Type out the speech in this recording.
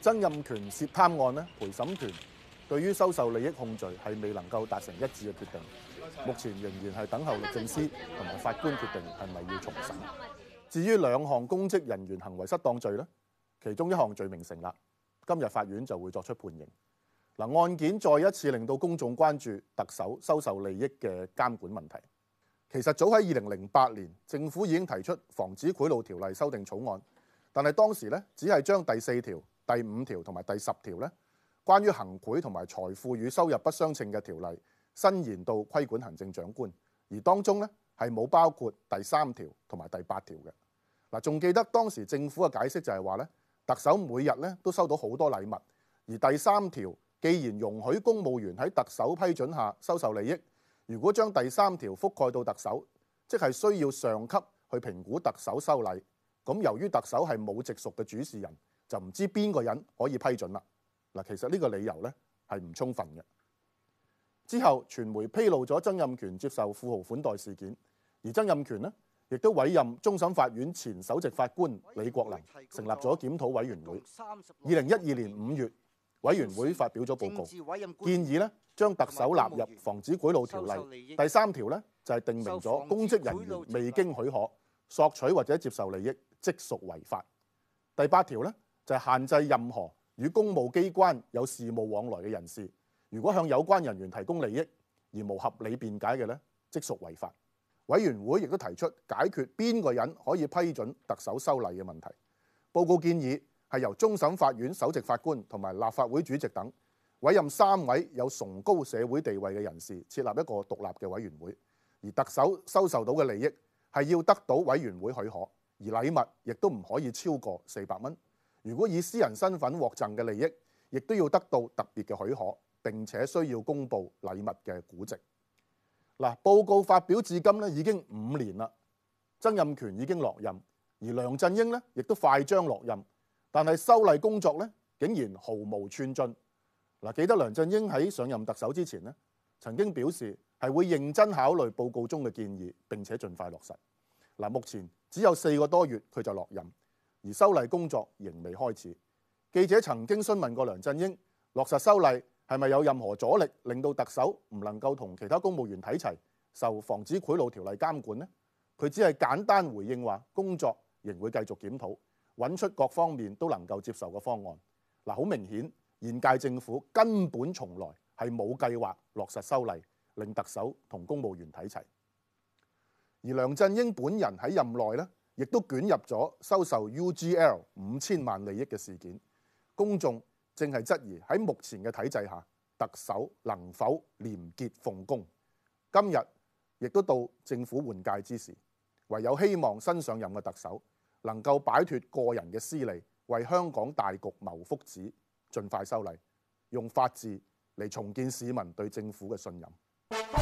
曾蔭權涉貪案咧，陪審團對於收受利益控罪係未能夠達成一致嘅決定，目前仍然係等候律政司同埋法官決定係咪要重審。至於兩項公職人員行為失當罪，其中一項罪名成立，今日法院就會作出判刑。嗱，案件再一次令到公眾關注特首收受利益嘅監管問題。其實早喺二零零八年，政府已經提出防止賄賂條例修訂草案，但係當時呢只係將第四條、第五條同埋第十條呢，關於行賄同埋財富與收入不相稱嘅條例，伸延到規管行政長官，而當中呢，係冇包括第三條同埋第八條嘅。嗱，仲記得當時政府嘅解釋就係話呢特首每日呢都收到好多禮物，而第三條既然容許公務員喺特首批准下收受利益，如果將第三條覆蓋到特首，即係需要上級去評估特首收禮。咁由於特首係冇直屬嘅主事人。就唔知邊個人可以批准啦。嗱，其實呢個理由呢，係唔充分嘅。之後傳媒披露咗曾蔭權接受富豪款待事件，而曾蔭權呢，亦都委任終審法院前首席法官李國能成立咗檢討委員會。二零一二年五月，委員會發表咗報告，建議呢將特首納入防止賄賂條例。第三條呢，就係、是、定明咗公職人員未經許可索取或者接受利益即屬違法。第八條呢，就係限制任何與公務機關有事務往來嘅人士，如果向有關人員提供利益而無合理辯解嘅呢，即屬違法。委員會亦都提出解決邊個人可以批准特首收禮嘅問題。報告建議係由終審法院首席法官同埋立法會主席等委任三位有崇高社會地位嘅人士設立一個獨立嘅委員會，而特首收受到嘅利益係要得到委員會許可，而禮物亦都唔可以超過四百蚊。如果以私人身份獲贈嘅利益，亦都要得到特別嘅許可，並且需要公布禮物嘅估值。嗱，報告發表至今呢已經五年啦，曾蔭權已經落任，而梁振英呢亦都快將落任，但係修例工作呢，竟然毫無寸進。嗱，記得梁振英喺上任特首之前呢，曾經表示係會認真考慮報告中嘅建議，並且盡快落實。嗱，目前只有四個多月，佢就落任。而修例工作仍未開始。記者曾經詢問過梁振英，落實修例係咪有任何阻力，令到特首唔能夠同其他公務員睇齊受防止賄賂條例監管呢？佢只係簡單回應話，工作仍會繼續檢討，揾出各方面都能夠接受嘅方案。嗱，好明顯，現屆政府根本從來係冇計劃落實修例，令特首同公務員睇齊。而梁振英本人喺任內呢，亦都捲入咗收受 UGL 五千萬利益嘅事件，公眾正係質疑喺目前嘅體制下，特首能否廉潔奉公？今日亦都到政府換屆之時，唯有希望新上任嘅特首能夠擺脫個人嘅私利，為香港大局謀福祉，盡快修例，用法治嚟重建市民對政府嘅信任。